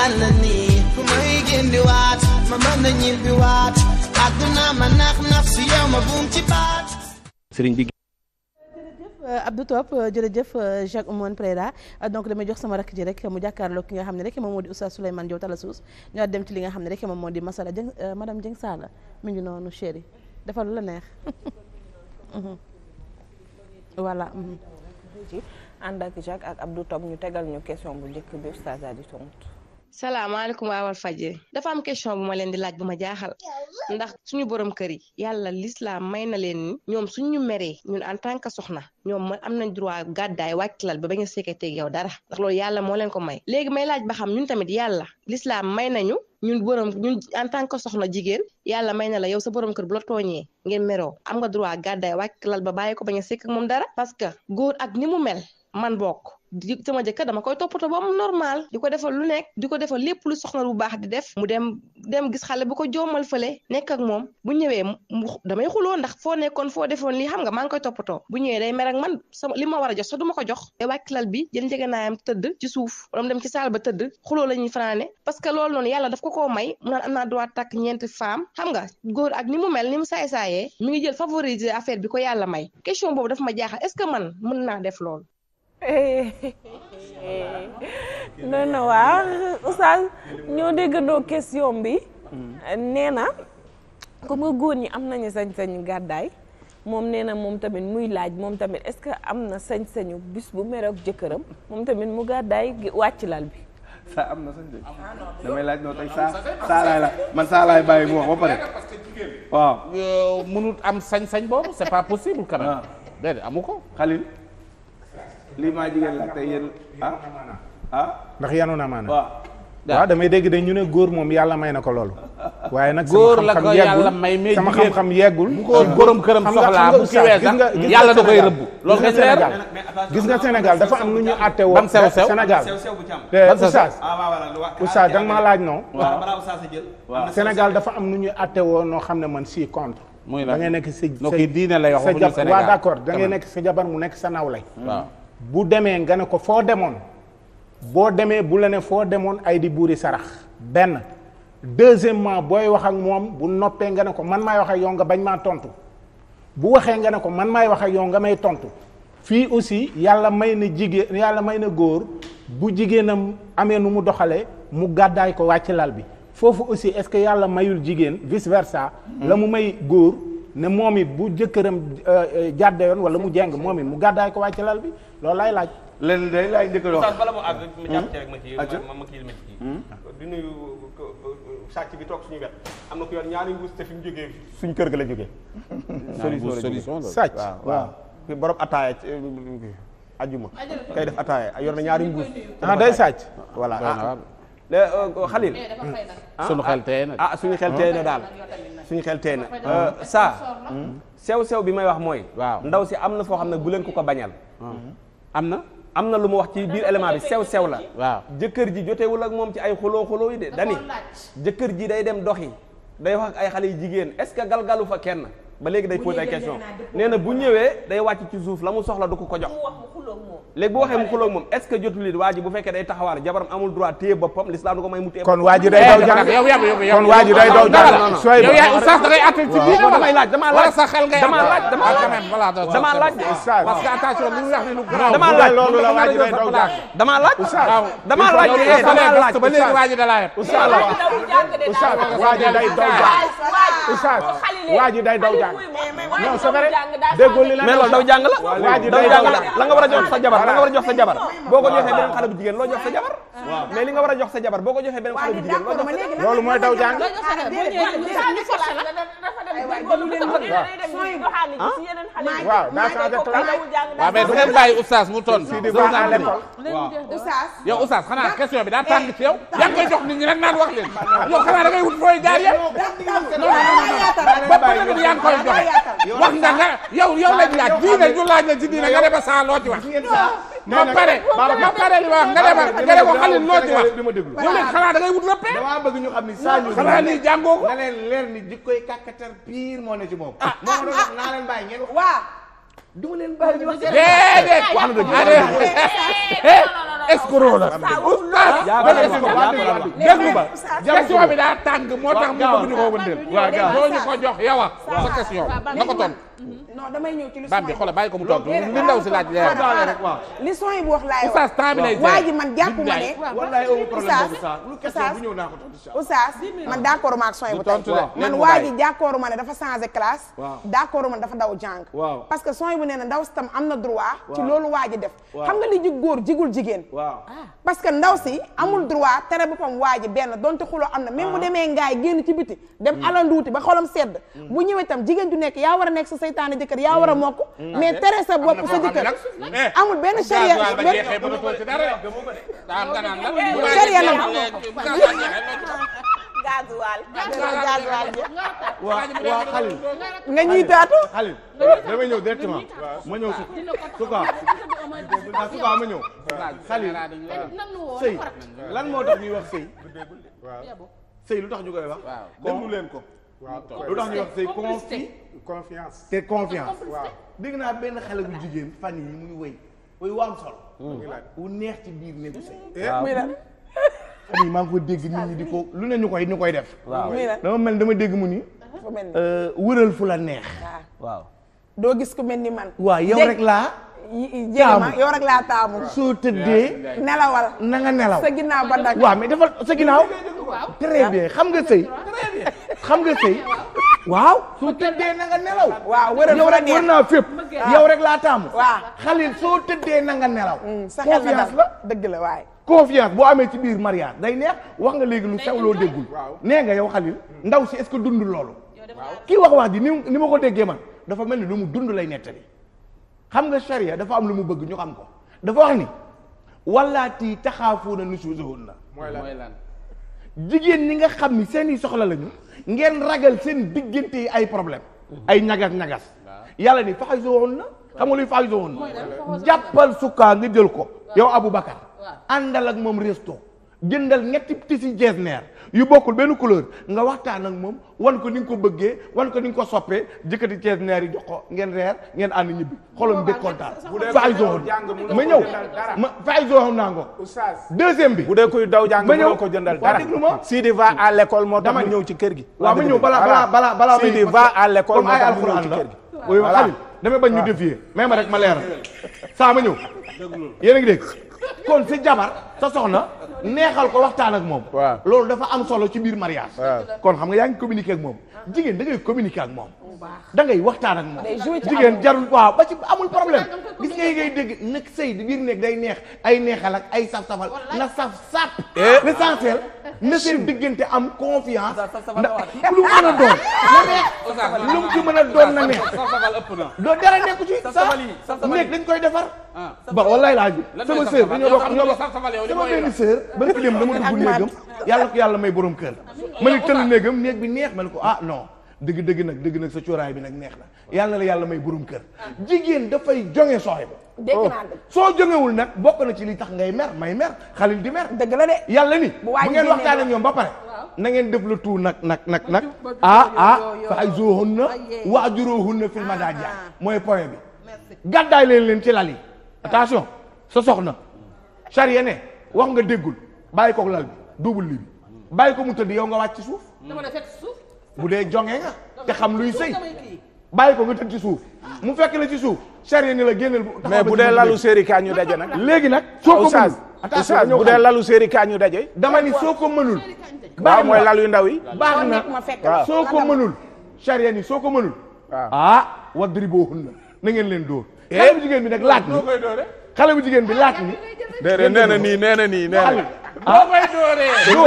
tànn nii jërëjëf euh, euh, euh, Jacques Oumane Préda donc damay jox sama rakk ji rek mu jàkkaarloo ki nga xam ne rek moom moo di Oustaz Souleymane Diop Talasuus ñu dem ci li xam ne rek moom moo di masala Dieng madame Dieng Sall mi ngi noonu chéri dafa la neex mhm. voilà. Mhm. ànd ak Jacques ak Abdou Top ñu tegal ñu question bu njëkk bi Oustaz di tontu. salaamaaleykum waa Walfadjri dafa am question bu ma leen di laaj bu ma jaaxal ndax suñu borom kër yi yàlla lislaam may na leen ni ñoom suñu meree ñun en tant que soxna ñoom ma am nañ droit gàddaay lal ba ba nga sekkateeg yow dara ndax loolu yàlla moo leen ko may léegi may laaj ba xam ñun tamit yàlla lislaam may nañu ñun borom ñun en tant que soxna jigéen yàlla may na la yow sa borom kër bu la tooñee ngeen meroo am nga droit gàddaay wàccalal ba bàyyi ko ba nga sekk moom dara parce que góor ak ni mu mel man bokk di sama jëkkër dama koy toppatoo ba mu normal di ko defal lu nekk di ko defal lépp lu soxna bu baax di def mu dem dem gis xale bu ko joomal fële nekk ak moom bu ñëwee damay xuloo ndax foo nekkoon foo defoon lii xam nga maa ngi koy toppatoo bu ñëwee day mer ak man sama li ma a jox sax du ma ko jox day wàcc lal bi jël njëganaayam tëdd ci suuf wala mu dem ci saal ba tëdd xuloo la ñuy fanaane parce que loolu noonu yàlla daf ko ko may mu naan am naa droit takk ñeenti femme xam nga góor ak ni mu mel ni mu saay saayee mi ngi jël favoriser affair bi ko yàlla may question boobu daf ma jaaxal est-ce que man mën naa def loolu non non waaw oustaz ñoo déggandoo question bi nee na comme góor ñi am nañu sañ-sañu gàddaay moom nee na moom tamit muy laaj moom tamit est-ce que am na sañ-sañu bis bu meroog jëkkëram moom tamit mu gàddaay wàcc lal bi saa am na sañ-sañ damay laaj noo tey saa saa laay la man saa laay bàyyi mu wax am sañ-sañ boobu c'est pas possible quand même ah. déedéet amu ko xalil lii ah, ah? ndax yanu na maanaam waaw damay dégg de ñu ne góor moom yàlla may na ko loolu waaye nag góor la ko yàlla may mais sama xam-xam yeggul bu ko borom këram soxlaa bu kiwee yàlla da koy rëbb loolu kay gis nga Sénégal dafa am nu ñu àtte woon Sénégal te eh, oustaz ah, oustaz da nga maa laaj non Sénégal dafa am nu ñu àtte woon noo xam ne man si contre da ngay nekk sa diine lay wax sa jabar waaw d'accord da nekk sa jabar mu nekk sa nawlay waaw bu demee nga ne ko foo demoon boo demee bu la ne foo demoon ay di buuri sarax benn deuxièmement booy wax ak moom bu noppee nga ne ko man maay wax ak yow nga bañ maa tontu bu waxee nga ne ko man maay wax ak yow nga may tontu fii aussi yàlla may na jigéen yàlla may na góor bu jigéenam amee nu mu doxalee mu gàddaay ko wàcc lal bi foofu aussi est-ce que yàlla mayul jigéen vice versa. Mm. la mu may góor ne moom it bu jëkkëram euh, euh, jàdde yoon wala mu jeng moom it mu gàddaay ko wàcc lal bi. loolu laay laaj. leen day laay njëkk a ma jàpp hmm? ci rek ma ci hmm? bi toog suñu wet am na ñaari mbuus te fi mu jógee suñ kër ga la jógee solution sàcc waaw fi borom ataaya ñaari mbuus ah day suñu xel ah. daal suñu xel tey saa sew sew bi may wax mooy waaw ndaw si am na foo xam ne bu leen ku ko bañal hmm. am na am na lu mu wax ci biir élément bi sew sew la waaw jëkkër ji jotewul ak moom ci ay xuloo xuloo yi de dani jëkkër ji day dem doxi day wax ak ay xale yu jigéen est-ce que galgalu fa kenn ba léegi day posé question nee na bu ñëwee day wàcc ci suuf la mu soxla du ko ko jox léegi bu waxee mu xulóog moom est ce que jotul it waa ji bu fekkee day taxawaar jabaram amul droit téye boppam l'islam du ko may mu téye kon waa ji day daw jàng kon waa ji day daw jàng sooy yow yaay oustaz da ngay atte ci biir damay laaj dama laaj sa xel ngay dama laaj dama laaj dama laaj parce que attention li ñu wax ni lu garaaw dama laaj loolu la waa ji day daw jàng dama laaj dama laaj dama laaj ba léegi waa ji da laa yem oustaz oustaz waa ji day daw jàng oustaz waa ji day daw jàng non c'est vrai déggoo li la mais loolu daw jàng la waa ji day daw jàng la nga war a jox sa jabar waaw la nga war a jox sa jabar boo ko joxee beneen xale bu jigéen a jox mu toon yow oustaz xanaa question bi daa tàng yow yaa ngi nit ñi naan wax leen yow xanaa da ngay wut fooy jaar yéen ba pare nag yaa koy joxe wax nga nga yow yow lañ diine ñu laaj la ci diine nga ne ba saa loo ci ma pare ma pare li ma wax nga demal nga demal xalil loo ci wax yow léegi xanaa da ngay wut rëppee dama bëgg ñu xam ni saa ñu xanaa nii jàngoo ko na leen leer ni jikkoy kàkkatar pire moo ne ci moom ah moo doon wax naa leen bàyyi ngeen wax waaw du ma leen bàyyi ñu wax déedéet wax na dëgg escroc la déglu ba question bi daa tàng moo tax mu bëgg ñu ko wëndeel doo ñu ko jox yow a sa question nga ko tontu non damay ñëw ci li baat bi xoolal bàyyi ko mu toog li ndaw si laaj leer li son yi bu wax laay wax waa ji man jàpp ma ne oustaz oustaz man d'accord ma ak son yi bu tey man waa ji d'accord ma ne dafa changé classe d'accord ma ne dafa daw jàng parce que son yi bu nee na ndaw si tam am na droit ci loolu waa ji def xam nga li ji góor jigul jigéen parce que ndaw si amul droit tere boppam waa ji benn donte xuloo am na même bu demee ngaay génn ci biti dem alanduuti ba xolam sedd bu ñëwee tam jigéen ju nekk yaa war a nekk sa seytaane jëkkër yaa war a mokk mm. Mm. mais mm. tere sa bopp sa jëkkër eh. amul benn charia charia nag gazuwaal gazuwaal bi waaw waaw xalil nga ñuy taatu xalil damay ñëw directement ma ñëw su suka ah suka ma ñëw xalil sëy lan moo tax ñuy wax sëy sëy lu tax ñu koy wax déglu leen ko waaw lu tax ñuy wax c'est confi confiance. te confiance dégg naa benn xale bu jigéen fan yi muy wëy wëy waam solo. Mm. wu neex ci biir nekk sëy. Mm. Eh? waaw muy lan. fan yi maa ngi ko dégg nit ñi di ko lu ne ñu koy ñu koy def. waaw dama mel dama dégg mu ni. Euh, wëral fu la neex. waaw. doo gis ku mel ni man. waa yow rek laa. taamu yow rek laa taamu. soo tëddee. nelawal na nga nelaw. sa ginnaaw ba dagg. waaw mais defal sa ginnaaw. très bien xam nga sëy. xam nga sëy waaw soo tëddee na nga nelaw waaw yow rek war naa fépp yow rek laa taamu waaw xalil soo tëddee na nga nelaw mm, confiance la dëgg la waaye boo amee ci biir mariage day neex wax nga léegi lu sew loo déggul nee nga yow xalil ndaw si est-ce que dund loolu kii wax wax ji ni ni ma ko déggee man dafa mel ni lu mu dund lay nettali xam nga charia dafa am lu mu bëgg ñu xam ko dafa wax ni wallaati taxaafuuna nusuuzahunna mooy lan jigéen ñi nga xam ni seen i soxla lañu ngeen ragal seen diggante yi ay problème ay ñagas ñagas yàlla ni faxay so woon na xam nga luy faxay so woon na jàppal sukkaa nga jël ko yow Aboubacar àndal ak moom resto jëndal ñetti tisi jeesneer yu bokkul benn couleur nga waxtaan ak moom wan ko ni nga ko bëggee wan ko ni nga ko soppee jëkkati neer yi jox ko ngeen reer ngeen ànd ñibbi xolam bëgg kontaan faay zoon ma ñëw ma faay zoon bi dee kuy daw jàng mënoo ko jëndal dara déglu ma Sidi va à l'école moo tax mu ñëw ci kër gi waaw ma ñëw balaa balaa balaa balaa Sidi va à l'école moo tax mu ñëw ci kër gi waaw damay bañ ñu dévier mais ma rek ma leeral saa ma ñëw yéen a ngi kon si jabar sa soxna neexal ko waxtaan ak moom. waaw loolu dafa am solo ci biir mariage. kon xam nga yaa ngi communiquer ak moom. jigéen da ngay communiquer ak moom. da ngay waxtaan ak moom. jigéen jarul waaw ba ci amul problème. gis nga yi ngay dégg nag sëy di biir nekk day neex ay neexal ak ay saf safal na saf saf. Eh? l'essentiel na seen diggante am confiance. na lu mën a doon na neex. lu mu ci mën a doon dañ koy defar. Ah. ba wallaay laa ji sama sœur dañoo bokk ñoo bokk sama benn sœur ba dem dama dugg néegam yàlla ko yàlla may borom kër. ma ni tëll néegam néeg bi neex ma ne ko ah non dégg dëgg nag dëgg nag sa cuuraay bi nag neex na yàlla la yàlla may burum kër jigéen dafay jonge soxe ba oh. soo jongewul nag bokk na ci li tax ngay mer may mer xalil di mer dëgg la de yàlla ni bu ngeen waxtaan ak ñoom ba pare na ngeen def le tout nag nag nag nag ah ah fa ayzuhunna wahjuruhunna fil ah, madaji ah. mooy point bi gàddaay leen leen ci lal yi attention sa soxna charia ne wax nga déggul bàyyi kook lal bi bàyyi ko mu tëdd yow nga wàcc ci suuf. dama la fekk ci suuf. bu dee jonge nga te xam luy sëy bàyyi ko nga tëdd ci suuf mu fekk la ci suuf chère ni la génneel bu mais bu dee lalu séeri kaa ñu daje nag léegi nag soo ko mënul oustaz bu dee lalu séeri kaa ñu daje dama ni soo ko mënul baax mooy lalu yu ndaw yi baax na soo ko mënul chère ni soo ko mënul ah wadribuhunna na ngeen leen dóor xale bu jigéen bi nag laat ni xale bu jigéen bi laat ni nee na nii nee na nii nee Ah. boo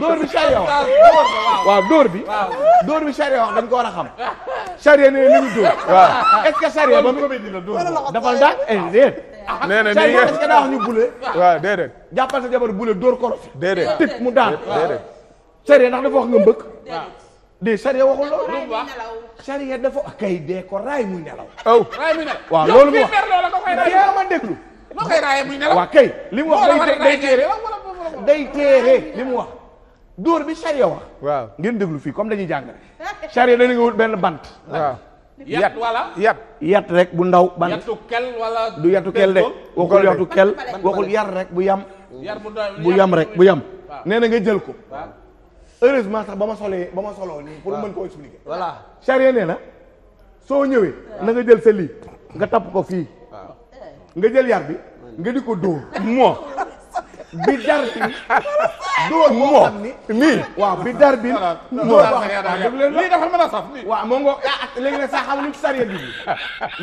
koy bi charia wax waaw dóor bi. door bi charia wax dañ ko war a xam. charia nee na ni ñu dóor. waaw est-ce que charia dafa ndax eh, déedéet. Ah. nee na nii nga est-ce que bule. waaw déedéet. jàppal sa mu daan. déedéet charia ndax dafa wax nga de sariya waxul loolu. lu mu wax sariya dafa kay dee ko raay muy nelaw. aw waaw loolu mu wax yow fii mer noo koy raayee muy nelaw waaw kay li wax day téere day téere li mu wax dóor bi charia wax ngeen déglu fii comme dañuy jàng charia dañu nga wut benn bant yat wala yat yat rek bu ndaw bant yatu kel wala du yatu kel de waxul yatu kel waxul yar rek bu yam bu yam rek bu yam nee na nga jël ko heureusement sax ba ma solee ba ma soloo nii pour mën koo expliquer voilà charia nee na soo ñëwee na nga jël sa lii nga tapp ko fii nga jël yar bi nga di ko dóor moo bi dar bi dóor moo nii waaw bi dar bi moo ah, lii dafa mën a saf waaw moo a léegi nag bi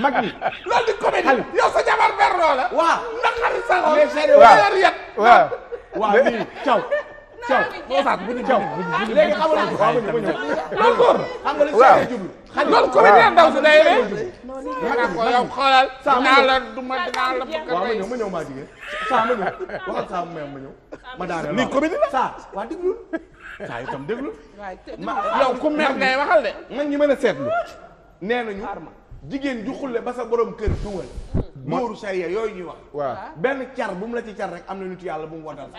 mag ñi loolu di comédie yow sa jabar ber loola waaw naqari sax mais sariya waaw waaw nii caw caw moo sax bu ñu caw léegi xam nga loolu góor la. waaw xam nga loolu comédien ndaw si day rek. yow xoolal. dinaa la duma dinaa la bëgg a waaw ma ñëw ma ñëw maa ma ñëw saa mu ma ñëw. ma ni la saa waa déglu. saa itam déglu. mer ngay waxal de. man ñi mën a seetlu nee nañu. jigéen ju xule ba sa borom kër dugal. mooru sariya yooyu ñuy wax. waaw benn car bu mu la ci car rek am na nitu yàlla bu mu wadal.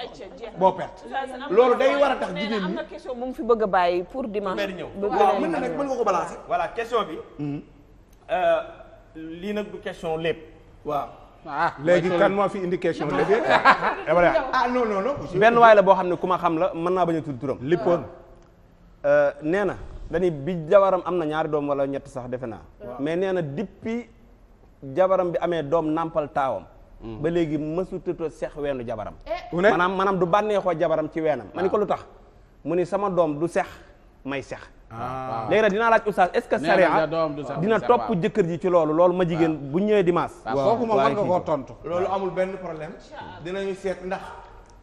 boo perte. loolu day war a tax jigéen ñi am na mu fi bëgg a bàyyi pour dimanche. waaw mën na nag nga ko balancer. Mm-hmm. voilà question bi. Mm-hmm. Euh, lii nag du question lépp. waaw. ah léegi kan moo fi indi question lépp. Ah, ah non non non. benn waay la boo xam ne ku ma xam la mën naa bañ a tudd turam. lippoon euh, nee na. dañuy bi jabaram am na ñaari doom wala ñett sax defe naa mais nee na dippi jabaram bi amee doom nàmpal taawam hmm. ba léegi mësutëto seex weenu jabaram eh. maanaam maanaam du bànneexoo jabaram ci weenam ma ni ko ah. lu tax mu ni sama doom du seex may seex ah. léegi nag dinaa laaj oustaz est-ce que sariya dina topp jëkkër ji ci loolu loolu ma jigéen bu ñëwee dimanche kooku moom mën nga koo tontu loolu amul benn problème dinañu seet ndax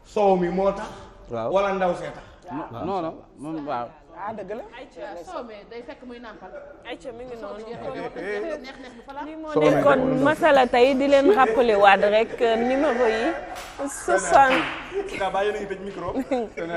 soow mi moo tax wala ndaw see ah dëgg la. ayca soomee day fekk muy nàmpal. ayca mi ngi noonu lii moo nekkoon masala tey di leen rappelé waat rek euh, numéro yi 60.